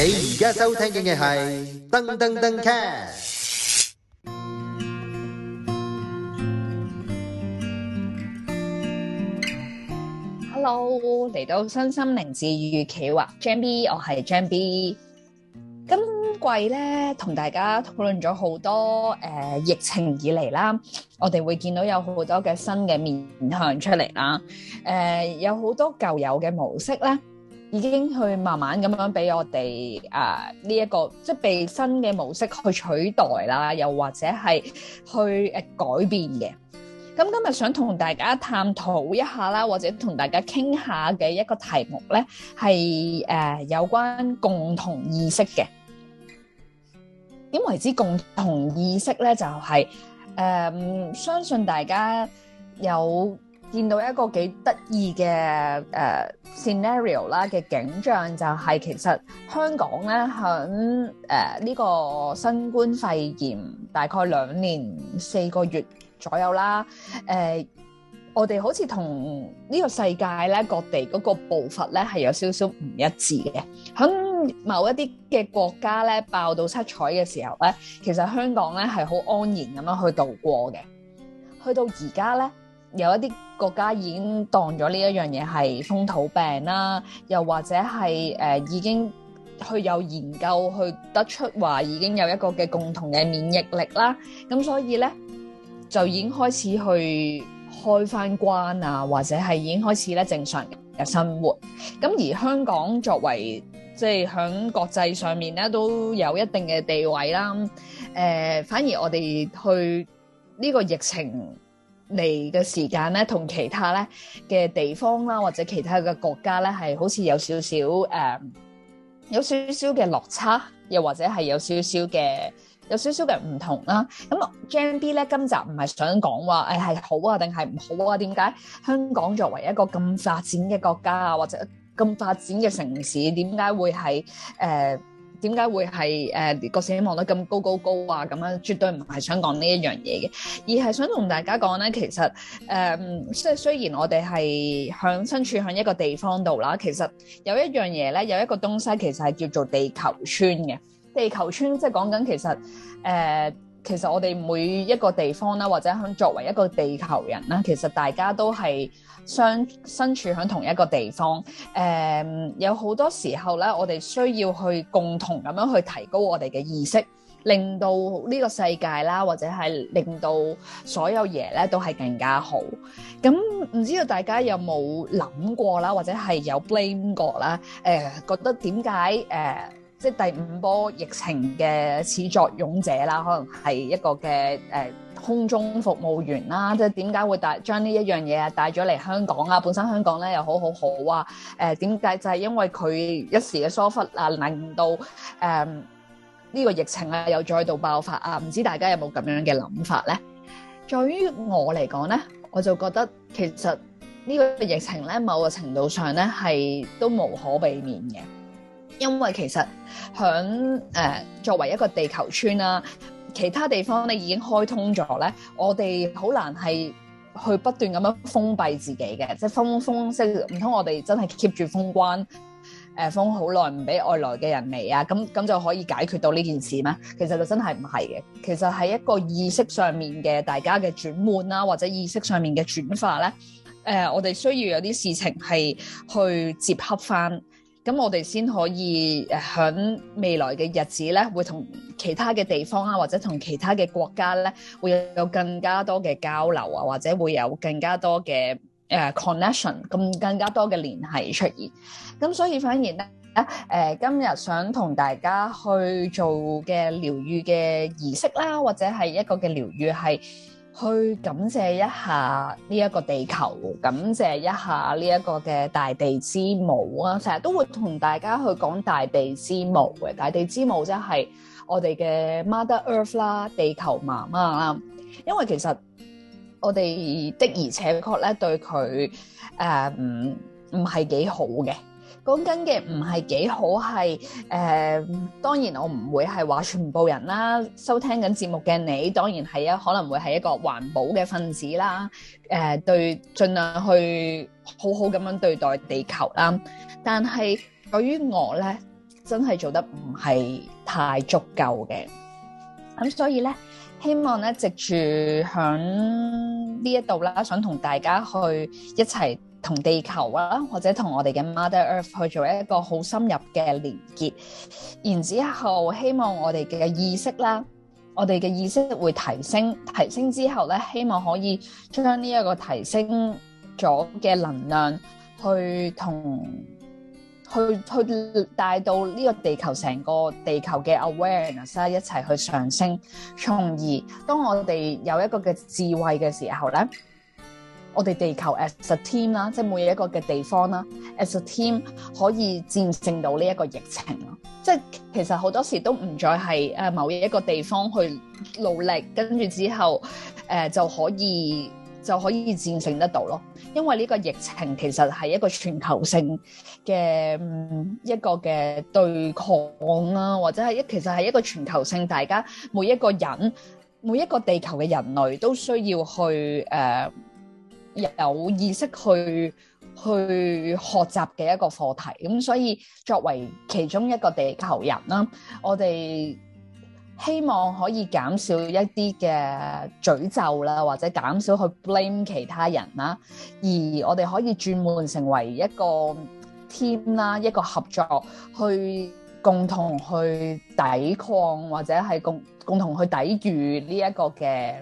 你而家收聽緊嘅係噔噔噔 c a Hello，嚟到身心靈智語企劃，Jam B，我係 Jam B。今季咧同大家討論咗好多，誒、呃，疫情以嚟啦，我哋會見到有好多嘅新嘅面向出嚟啦，誒、呃，有好多舊有嘅模式咧。已經去慢慢咁樣俾我哋誒呢一個即係被新嘅模式去取代啦，又或者係去誒改變嘅。咁今日想同大家探討一下啦，或者同大家傾下嘅一個題目咧，係誒有關共同意識嘅。點為之共同意識咧？就係誒相信大家有。見到一個幾得意嘅誒 scenario 啦嘅景象，就係、是、其實香港咧，喺誒呢個新冠肺炎大概兩年四個月左右啦，誒、uh，我哋好似同呢個世界咧各地嗰個步伐咧係有少少唔一致嘅。喺某一啲嘅國家咧爆到七彩嘅時候咧，其實香港咧係好安然咁樣去度過嘅。去到而家咧。有一啲國家已經當咗呢一樣嘢係風土病啦，又或者係誒、呃、已經去有研究去得出話已經有一個嘅共同嘅免疫力啦，咁所以咧就已經開始去開翻關開返關呀，或者係已經開始咧正常嘅生活。咁而香港作為即係即係響國際上面咧都有一定嘅地位啦，誒、呃、反而我哋去呢個疫情。嚟嘅時間咧，同其他咧嘅地方啦，或者其他嘅國家咧，係好似有少少誒，有少少嘅落差，又或者係有少少嘅有少少嘅唔同啦、啊。咁 JB 咧，今集唔係想講話誒係好啊，定係唔好啊？點解香港作為一個咁發展嘅國家啊，或者咁發展嘅城市，點解會係誒？呃點解會係誒個死亡率咁高高高啊？咁樣、啊、絕對唔係想講呢一樣嘢嘅，而係想同大家講咧，其實誒、呃，雖然我哋係響身處響一個地方度啦，其實有一樣嘢咧，有一個東西其實係叫做地球村嘅。地球村即係講緊其實誒。呃其實我哋每一個地方啦，或者喺作為一個地球人啦，其實大家都係相身處喺同一個地方。嗯，有好多時候咧，我哋需要去共同咁樣去提高我哋嘅意識，令到呢個世界啦，或者係令到所有嘢咧都係更加好。咁唔知道大家有冇諗過啦，或者係有 blame 過啦？誒，呃，覺得點解即係第五波疫情嘅始作俑者啦，可能係一個嘅誒、呃、空中服務員啦。即係點解會帶將呢一樣嘢帶咗嚟香港啊？本身香港咧又好好好啊。誒，點解就係、是、因為佢一時嘅疏忽啊，令到誒呢、呃，這個疫情啊又再度爆發啊？唔知大家有冇咁樣嘅諗法咧？在於我嚟講咧，我就覺得其實呢個疫情咧，某個程度上咧係都無可避免嘅。因為其實響誒、呃、作為一個地球村啦、啊，其他地方咧已經開通咗咧，我哋好難係去不斷咁樣封閉自己嘅，即係封封即唔通我哋真係 keep 住封關誒封好耐唔俾外來嘅人嚟啊？咁咁就可以解決到呢件事咩？其實就真係唔係嘅，其實喺一個意識上面嘅大家嘅轉換啦、啊，或者意識上面嘅轉化咧，誒、呃、我哋需要有啲事情係去接洽翻。咁我哋先可以喺未來嘅日子咧，會同其他嘅地方啊，或者同其他嘅國家咧，會有更加多嘅交流啊，或者會有更加多嘅誒、呃、connection，咁更加多嘅聯繫出現。咁所以反而咧，誒、呃、今日想同大家去做嘅療愈嘅儀式啦，或者係一個嘅療愈係。去感謝一下呢一個地球，感謝一下呢一個嘅大地之母啊！成日都會同大家去講大地之母嘅大地之母，即係我哋嘅 Mother Earth 啦，地球媽媽啦。因為其實我哋的而且確咧對佢誒唔唔係幾好嘅。講緊嘅唔係幾好，係誒、呃、當然我唔會係話全部人啦，收聽緊節目嘅你當然係啊，可能會係一個環保嘅分子啦，誒、呃、對，盡量去好好咁樣對待地球啦。但係對於我咧，真係做得唔係太足夠嘅，咁所以咧，希望咧藉住響呢一度啦，想同大家去一齊。同地球啊，或者同我哋嘅 Mother Earth 去做一個好深入嘅連結。然之後希望我哋嘅意識啦，我哋嘅意識會提升，提升之後咧，希望可以將呢一個提升咗嘅能量去同去去帶到呢個地球成個地球嘅 awareness 一齊去上升，從而當我哋有一個嘅智慧嘅時候咧，我哋地球 as a team 啦，即係每一個嘅地方啦，as a team 可以戰勝到呢一個疫情咯。即係其實好多時都唔再係誒某一個地方去努力，跟住之後誒、呃、就可以就可以戰勝得到咯。因為呢個疫情其實係一個全球性嘅一個嘅對抗啊，或者係一其實係一個全球性，大家每一個人每一個地球嘅人類都需要去誒。呃有意識去去學習嘅一個課題，咁所以作為其中一個地球人啦，我哋希望可以減少一啲嘅詛咒啦，或者減少去 blame 其他人啦，而我哋可以轉換成為一個 team 啦，一個合作去共同去抵抗或者係共共同去抵禦呢一個嘅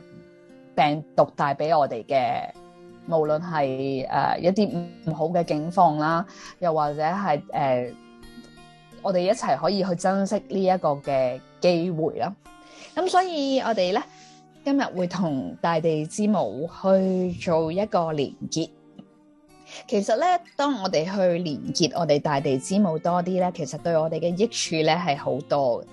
病毒帶俾我哋嘅。無論係誒一啲唔好嘅境況啦，又或者係誒、呃，我哋一齊可以去珍惜呢一個嘅機會啦。咁所以我哋咧，今日會同大地之母去做一個連結。其實咧，當我哋去連結我哋大地之母多啲咧，其實對我哋嘅益處咧係好多嘅。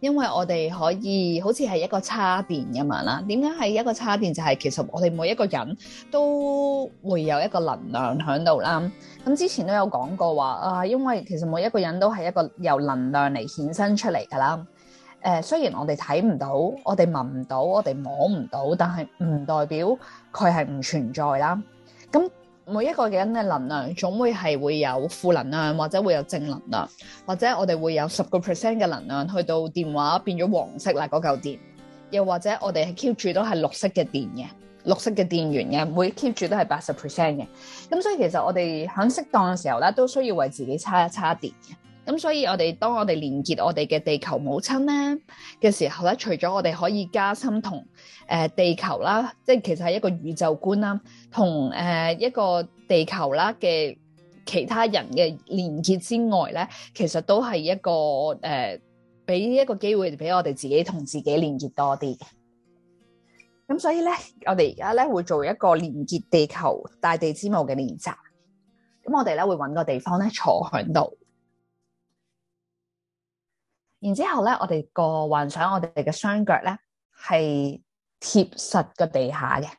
因為我哋可以好似係一個叉電咁樣啦，點解係一個叉電？就係、是、其實我哋每一個人都會有一個能量喺度啦。咁之前都有講過話啊，因為其實每一個人都係一個由能量嚟衍生出嚟噶啦。誒、呃，雖然我哋睇唔到，我哋聞唔到，我哋摸唔到，但係唔代表佢係唔存在啦。咁每一個嘅人嘅能量總會係會有負能量，或者會有正能量，或者我哋會有十個 percent 嘅能量去到電話變咗黃色啦，嗰嚿電，又或者我哋係 keep 住都係綠色嘅電嘅，綠色嘅電源嘅，每 keep 住都係八十 percent 嘅，咁所以其實我哋喺適當嘅時候咧，都需要為自己差一差電。咁所以我哋，我哋當我哋連結我哋嘅地球母親咧嘅時候咧，除咗我哋可以加深同誒、呃、地球啦，即係其實係一個宇宙觀啦,同誒、呃、一個地球啦嘅其他人嘅連結之外咧，其實都係一個誒俾、呃、一個機會俾我哋自己同自己連結多啲。咁所以咧，我哋而家咧會做一個連結地球大地之母嘅練習。咁我哋咧會揾個地方咧坐喺度。然之後咧，我哋個幻想我們的的，我哋嘅雙腳咧係貼實個地下嘅，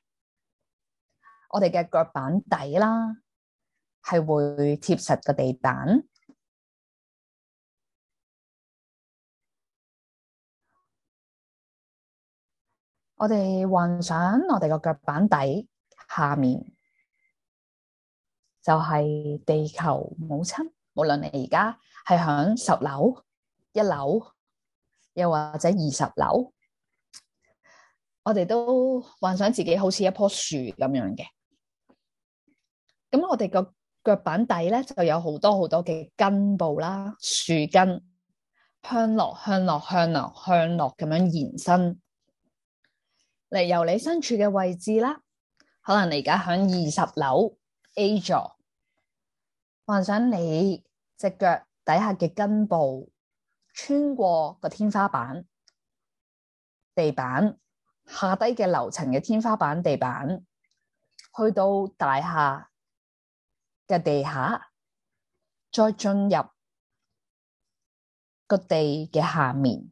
我哋嘅腳板底啦，係會貼實個地板。我哋幻想我哋個腳板底下面就係、是、地球母親，無論你而家係響十樓。一樓，又或者二十樓，我哋都幻想自己好似一棵樹咁樣嘅。咁我哋個腳板底咧就有好多好多嘅根部啦，樹根向落向落向落向落咁樣延伸嚟由你身處嘅位置啦。可能你而家響二十樓 A 座，幻想你隻腳底下嘅根部。穿過個天花板、地板，下低嘅樓層嘅天花板、地板，去到大廈嘅地下，再進入個地嘅下面，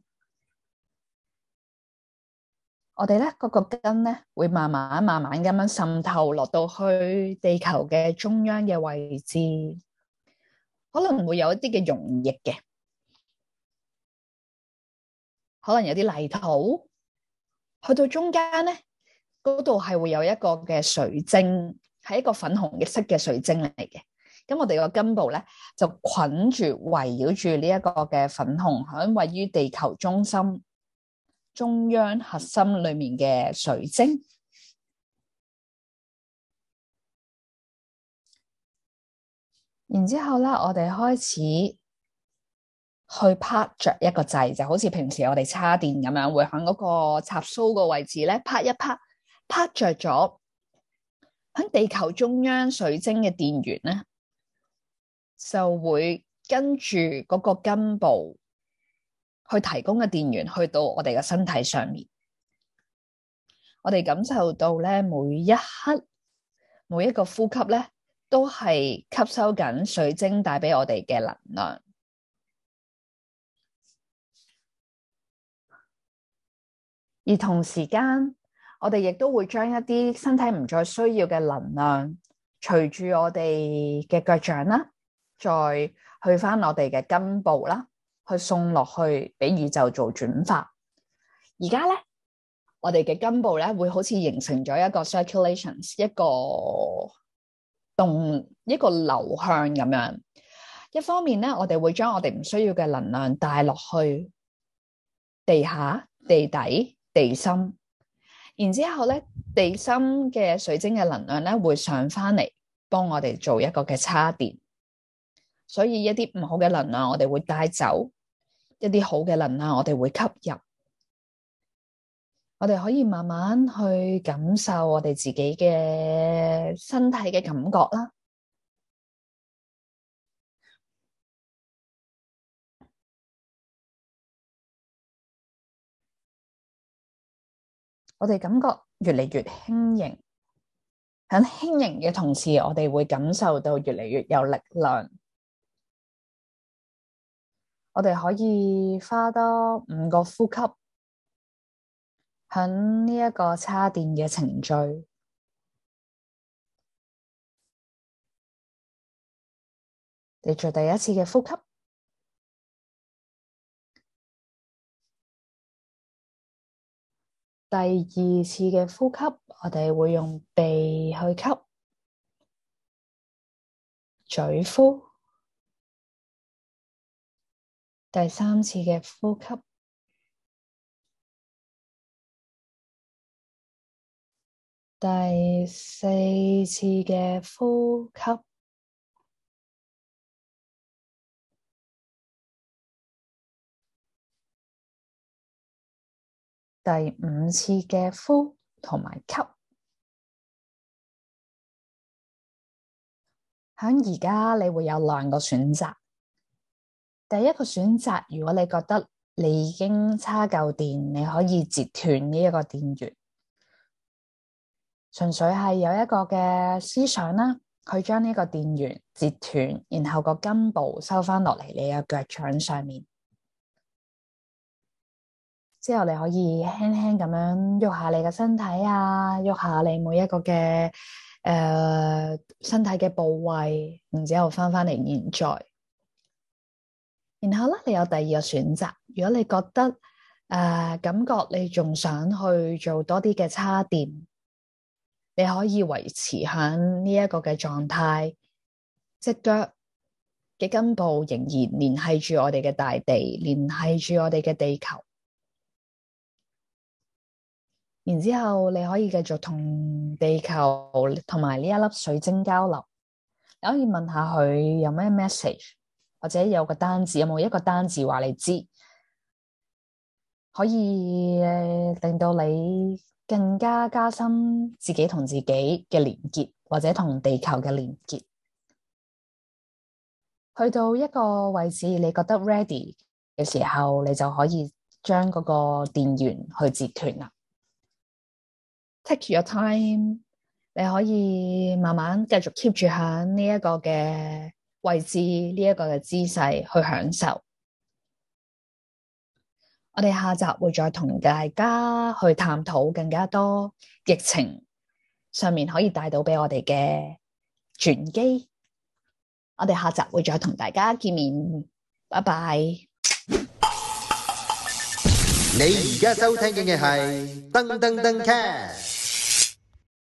我哋呢個個根呢會慢慢慢慢咁樣滲透落到去地球嘅中央嘅位置，可能會有一啲嘅溶液嘅。可能有啲泥土，去到中間咧，嗰度係會有一個嘅水晶，係一個粉紅嘅色嘅水晶嚟嘅。咁我哋個根部咧就捆住圍繞住呢一個嘅粉紅響位於地球中心中央核心裏面嘅水晶。然之後咧，我哋開始。去拍着一個掣，就好似平時我哋插電咁樣，會喺嗰個插蘇個位置咧拍一拍，拍着咗喺地球中央水晶嘅電源咧，就會跟住嗰個根部去提供嘅電源去到我哋嘅身體上面，我哋感受到咧每一刻，每一個呼吸咧都係吸收緊水晶帶俾我哋嘅能量。而同時間，我哋亦都會將一啲身體唔再需要嘅能量，隨住我哋嘅腳掌啦，再去返我哋嘅根部啦，去送落去俾宇宙做轉化。而家咧，我哋嘅根部咧，會好似形成咗一個 circulations，一個動一個流向咁樣。一方面咧，我哋會將我哋唔需要嘅能量帶落去地下地底。地心，然之後咧，地心嘅水晶嘅能量咧會上翻嚟，幫我哋做一個嘅叉電，所以一啲唔好嘅能量我哋會帶走，一啲好嘅能量我哋會吸入，我哋可以慢慢去感受我哋自己嘅身體嘅感覺啦。我哋感覺越嚟越輕盈，喺輕盈嘅同時，我哋會感受到越嚟越有力量。我哋可以花多五個呼吸，喺呢一個叉電嘅程序。你做第一次嘅呼吸。第二次嘅呼吸，我哋會用鼻去吸，嘴呼；第三次嘅呼吸，第四次嘅呼吸。第五次嘅呼同埋吸，響而家你會有兩個選擇。第一個選擇，如果你覺得你已經差夠電，你可以截斷呢一個電源，純粹係有一個嘅思想啦，佢將呢個電源截斷，然後個根部收翻落嚟你嘅腳掌上面。之後你可以輕輕咁樣喐下你嘅身體啊，喐下你每一個嘅誒、呃、身體嘅部位，然之後翻翻嚟現在。然後咧，你有第二個選擇，如果你覺得誒、呃、感覺你仲想去做多啲嘅叉電，你可以維持喺呢一個嘅狀態，隻腳嘅根部仍然聯繫住我哋嘅大地，聯繫住我哋嘅地球。然之後你可以繼續同地球同埋呢一粒水晶交流，你可以問下佢有咩 message，或者有個單字，有冇一個單字話你知，可以誒、令到你更加加深自己同自己嘅連結，或者同地球嘅連結。去到一個位置你覺得 ready 嘅時候，你就可以將嗰個電源去截斷啦。Take your time，你可以慢慢繼續 keep 住喺呢一個嘅位置，呢一個嘅姿勢去享受。我哋下集會再同大家去探討更加多疫情上面可以帶到俾我哋嘅轉機。我哋下集會再同大家見面，拜拜。你而家收聽嘅係噔噔噔 c a